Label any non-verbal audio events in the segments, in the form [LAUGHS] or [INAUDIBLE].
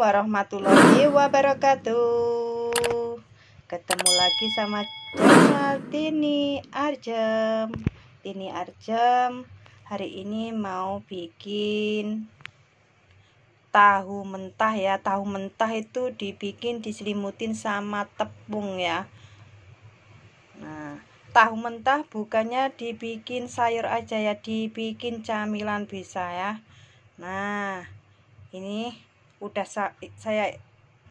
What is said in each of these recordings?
warahmatullahi wabarakatuh Ketemu lagi sama channel Tini Arjem Tini Arjem Hari ini mau bikin Tahu mentah ya Tahu mentah itu dibikin diselimutin sama tepung ya Nah Tahu mentah bukannya dibikin sayur aja ya Dibikin camilan bisa ya Nah ini udah sa saya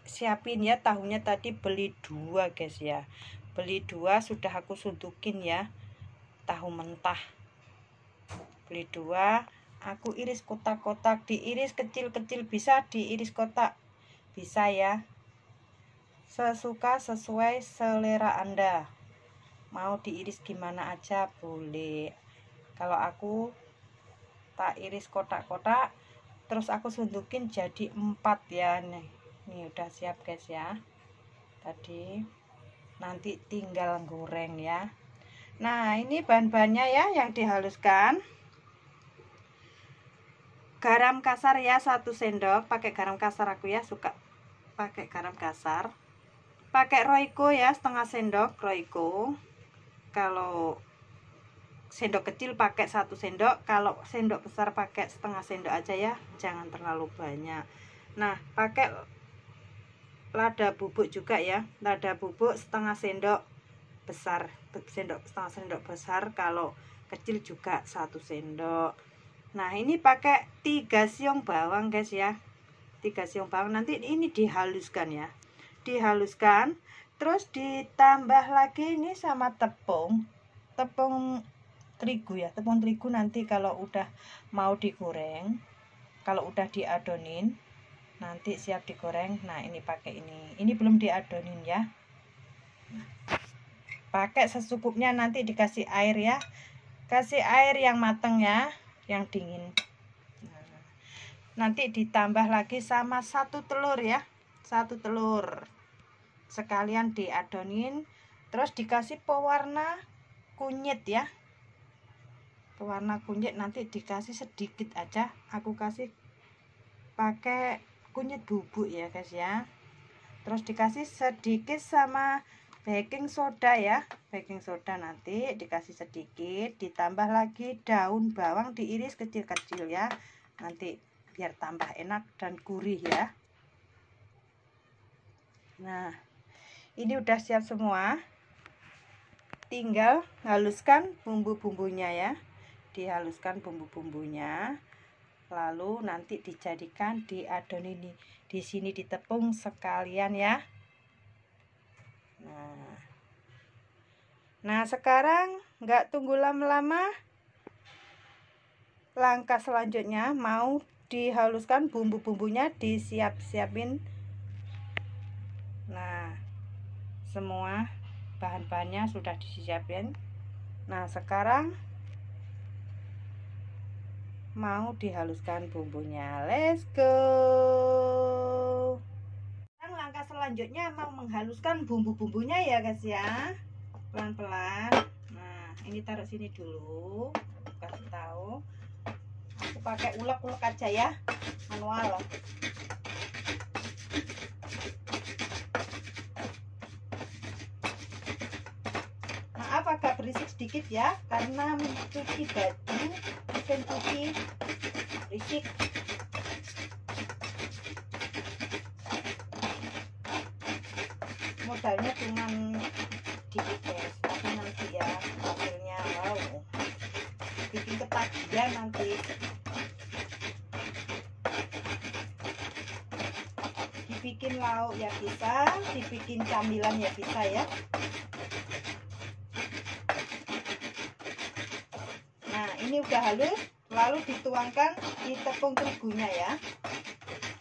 siapin ya tahunya tadi beli dua guys ya beli dua sudah aku suntukin ya tahu mentah beli dua aku iris kotak-kotak diiris kecil-kecil bisa diiris kotak bisa ya sesuka sesuai selera anda mau diiris gimana aja boleh kalau aku tak iris kotak-kotak terus aku suntukin jadi empat ya nih ini udah siap guys ya tadi nanti tinggal goreng ya nah ini bahan-bahannya ya yang dihaluskan garam kasar ya satu sendok pakai garam kasar aku ya suka pakai garam kasar pakai roiko ya setengah sendok roiko kalau sendok kecil pakai satu sendok kalau sendok besar pakai setengah sendok aja ya jangan terlalu banyak nah pakai lada bubuk juga ya lada bubuk setengah sendok besar sendok setengah sendok besar kalau kecil juga satu sendok nah ini pakai tiga siung bawang guys ya tiga siung bawang nanti ini dihaluskan ya dihaluskan terus ditambah lagi ini sama tepung tepung terigu ya tepung terigu nanti kalau udah mau digoreng kalau udah diadonin nanti siap digoreng nah ini pakai ini ini belum diadonin ya pakai secukupnya nanti dikasih air ya kasih air yang mateng ya yang dingin nanti ditambah lagi sama satu telur ya satu telur sekalian diadonin terus dikasih pewarna kunyit ya warna kunyit nanti dikasih sedikit aja aku kasih pakai kunyit bubuk ya guys ya terus dikasih sedikit sama baking soda ya baking soda nanti dikasih sedikit ditambah lagi daun bawang diiris kecil-kecil ya nanti biar tambah enak dan gurih ya nah ini udah siap semua tinggal haluskan bumbu-bumbunya ya dihaluskan bumbu-bumbunya lalu nanti dijadikan di adon ini di sini ditepung sekalian ya nah nah sekarang nggak tunggu lama-lama langkah selanjutnya mau dihaluskan bumbu-bumbunya disiap-siapin nah semua bahan-bahannya sudah disiapin nah sekarang mau dihaluskan bumbunya let's go Dan langkah selanjutnya mau menghaluskan bumbu-bumbunya ya guys ya pelan-pelan nah ini taruh sini dulu kasih tahu aku pakai ulek-ulek aja ya manual maaf agak berisik sedikit ya karena mencuci baju person to Modalnya cuma dikit tapi nanti ya hasilnya wow. Bikin ya nanti. Dibikin lauk ya bisa, dibikin camilan ya bisa ya. Nah ini udah halus lalu dituangkan di tepung terigunya ya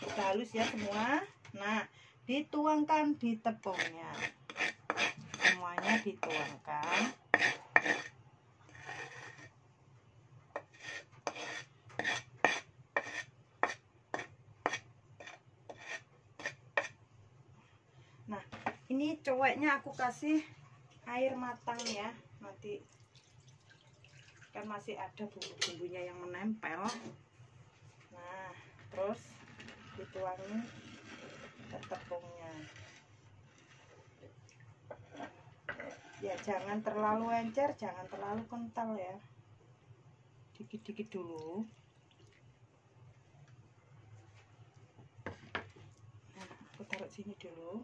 kita halus ya semua nah dituangkan di tepungnya semuanya dituangkan nah ini coweknya aku kasih air matang ya nanti kan masih ada bumbu-bumbunya yang menempel nah terus dituangin ke tepungnya ya jangan terlalu encer jangan terlalu kental ya dikit-dikit dulu nah, aku taruh sini dulu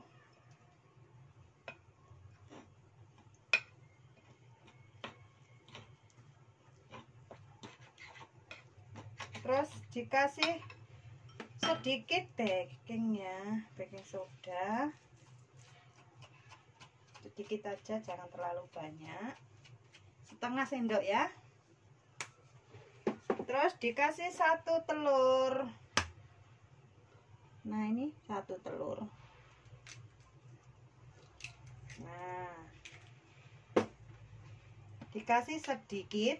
dikasih sedikit baking ya baking soda sedikit aja jangan terlalu banyak setengah sendok ya terus dikasih satu telur nah ini satu telur nah dikasih sedikit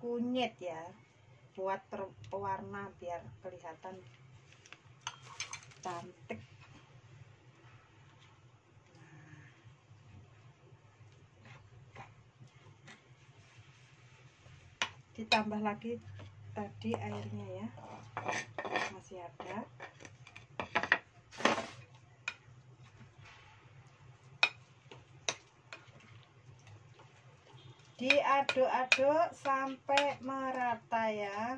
kunyit ya buat pewarna biar kelihatan cantik nah, ditambah lagi tadi airnya ya masih ada diaduk-aduk sampai merata ya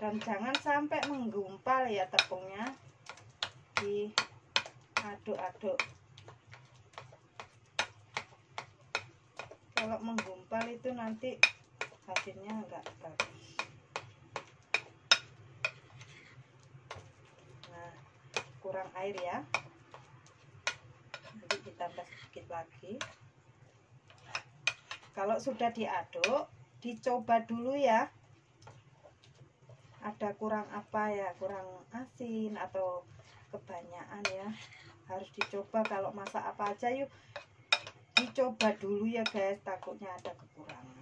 dan jangan sampai menggumpal ya tepungnya diaduk-aduk kalau menggumpal itu nanti hasilnya enggak bagus nah kurang air ya nanti ditambah sedikit lagi kalau sudah diaduk dicoba dulu ya ada kurang apa ya kurang asin atau kebanyakan ya harus dicoba kalau masak apa aja yuk dicoba dulu ya guys takutnya ada kekurangan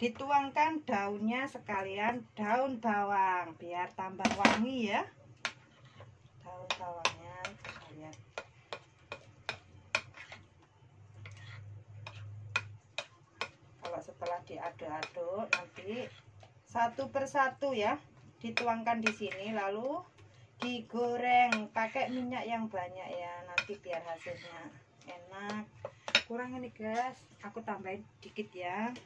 dituangkan daunnya sekalian daun bawang biar tambah wangi ya daun bawangnya sekalian kalau setelah diaduk-aduk nanti satu persatu ya dituangkan di sini lalu digoreng pakai minyak yang banyak ya nanti biar hasilnya enak kurang ini guys aku tambahin dikit ya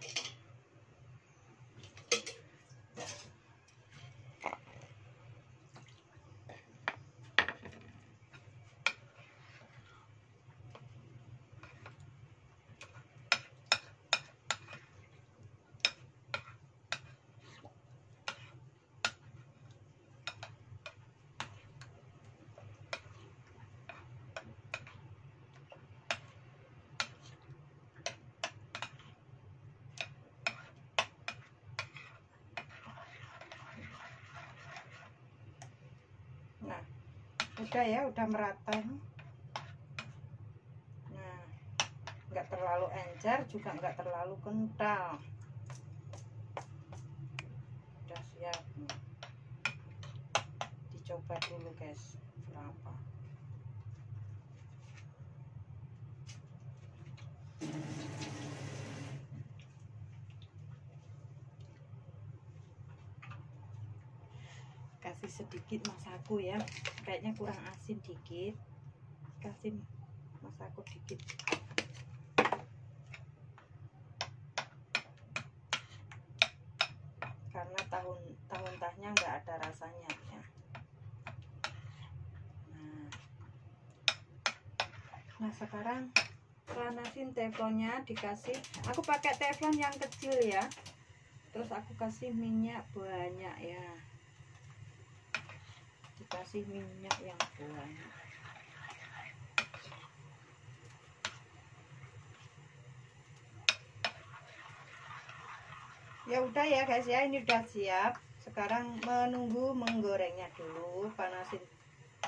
udah ya udah merata nah nggak terlalu encer juga nggak terlalu kental udah siap nih dicoba dulu guys berapa dikit masaku ya kayaknya kurang asin dikit kasih masaku dikit karena tahun tahun tahnya nggak ada rasanya ya nah, nah sekarang panasin teflonnya dikasih aku pakai teflon yang kecil ya terus aku kasih minyak banyak ya kasih minyak yang banyak ya udah ya guys ya ini udah siap sekarang menunggu menggorengnya dulu panasin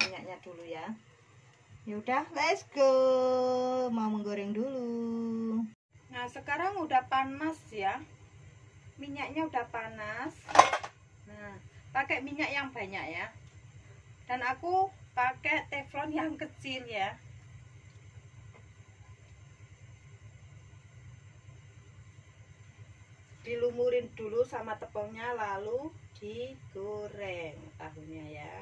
minyaknya dulu ya ya udah let's go mau menggoreng dulu nah sekarang udah panas ya minyaknya udah panas nah pakai minyak yang banyak ya dan aku pakai teflon yang kecil ya dilumurin dulu sama tepungnya lalu digoreng tahunya ya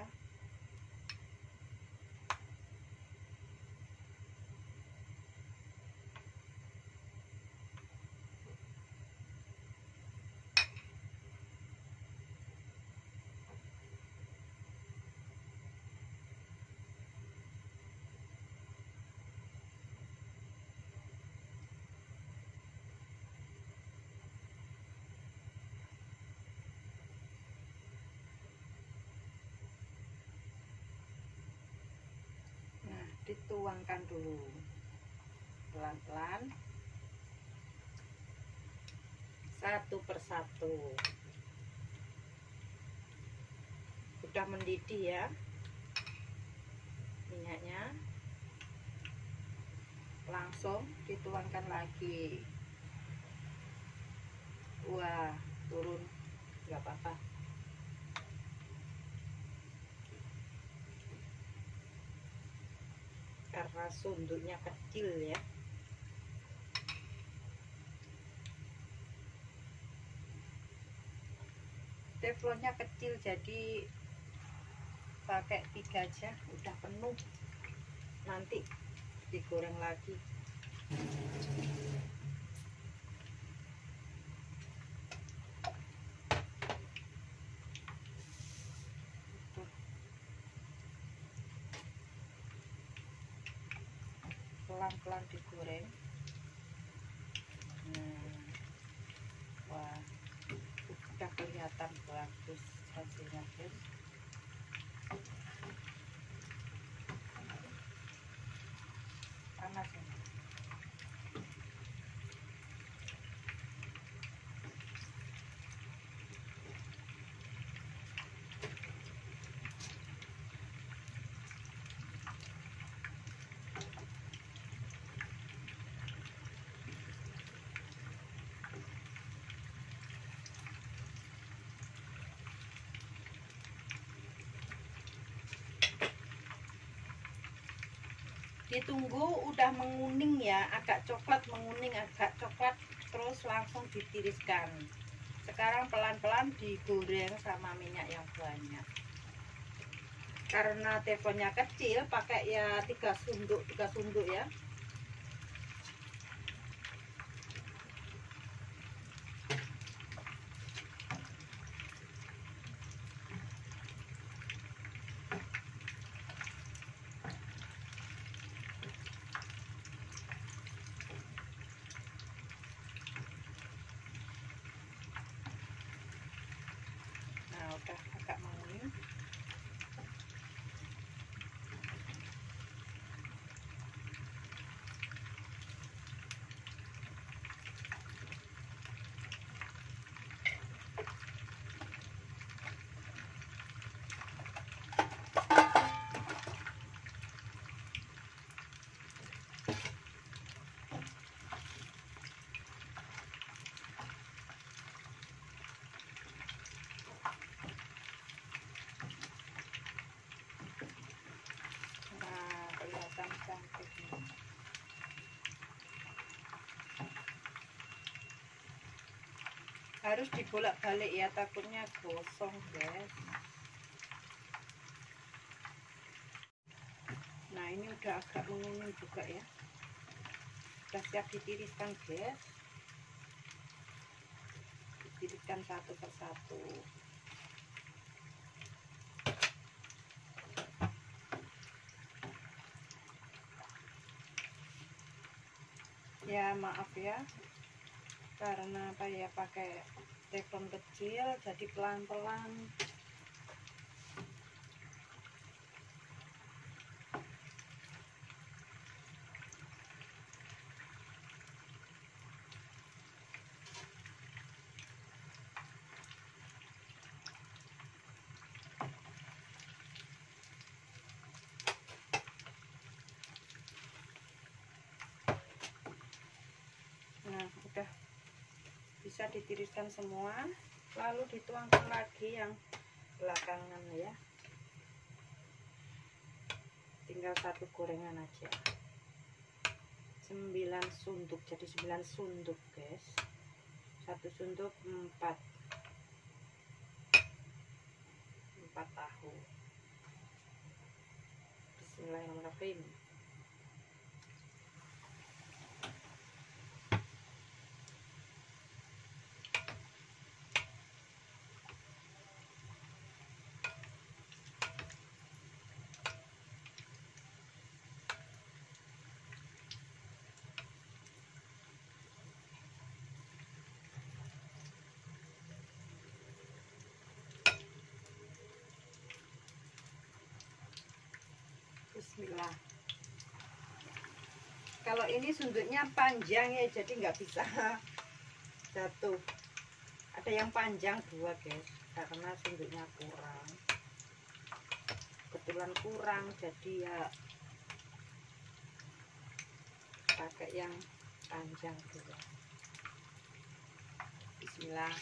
tuangkan dulu pelan-pelan satu persatu sudah mendidih ya minyaknya langsung dituangkan lagi karena sunduknya kecil ya teflonnya kecil jadi pakai tiga aja udah penuh nanti digoreng lagi pelan-pelan digoreng nah, wah udah kelihatan bagus hasilnya guys ditunggu udah menguning ya agak coklat menguning agak coklat terus langsung ditiriskan sekarang pelan-pelan digoreng sama minyak yang banyak karena teflonnya kecil pakai ya tiga sunduk tiga sunduk ya harus dibolak-balik ya takutnya gosong guys nah ini udah agak menguning juga ya udah siap ditiriskan guys ditiriskan satu persatu ya maaf ya karena apa ya pakai teflon kecil jadi pelan-pelan ditiriskan semua lalu dituangkan lagi yang belakangan ya tinggal satu gorengan aja 9 sunduk jadi 9 sunduk guys satu sunduk 4 4 tahu Bismillahirrahmanirrahim Bismillah kalau ini sundutnya panjang ya jadi nggak bisa [LAUGHS] jatuh ada yang panjang dua guys karena sundutnya kurang kebetulan kurang jadi ya pakai yang panjang dua Bismillah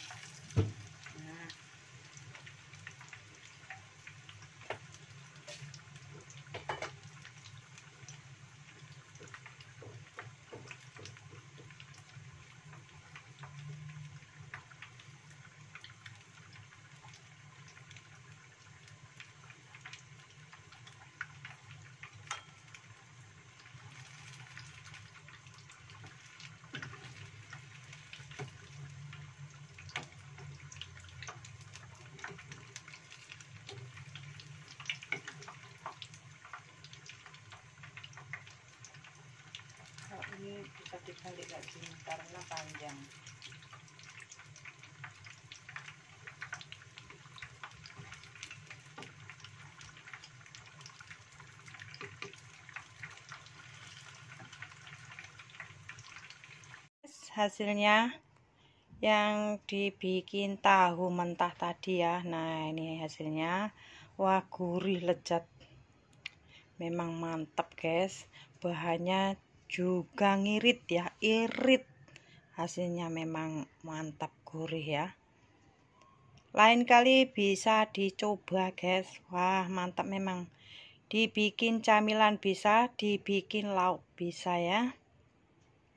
hasilnya yang dibikin tahu mentah tadi ya nah ini hasilnya wah gurih lezat memang mantap guys bahannya juga ngirit ya irit hasilnya memang mantap gurih ya lain kali bisa dicoba guys wah mantap memang dibikin camilan bisa dibikin lauk bisa ya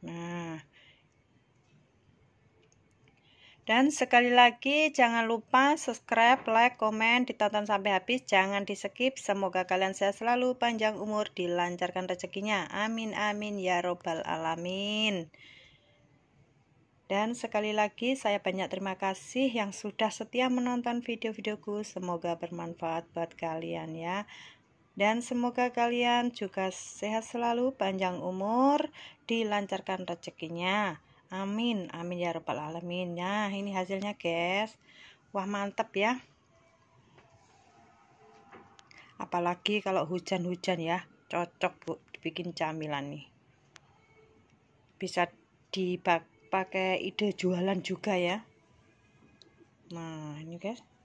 nah dan sekali lagi jangan lupa subscribe, like, komen, ditonton sampai habis, jangan di skip. Semoga kalian sehat selalu, panjang umur, dilancarkan rezekinya. Amin amin ya robbal alamin. Dan sekali lagi saya banyak terima kasih yang sudah setia menonton video-videoku. Semoga bermanfaat buat kalian ya. Dan semoga kalian juga sehat selalu, panjang umur, dilancarkan rezekinya. Amin, amin ya rabbal alamin. Nah, ini hasilnya, guys. Wah, mantep ya. Apalagi kalau hujan-hujan ya, cocok Bu dibikin camilan nih. Bisa dipakai ide jualan juga ya. Nah, ini guys.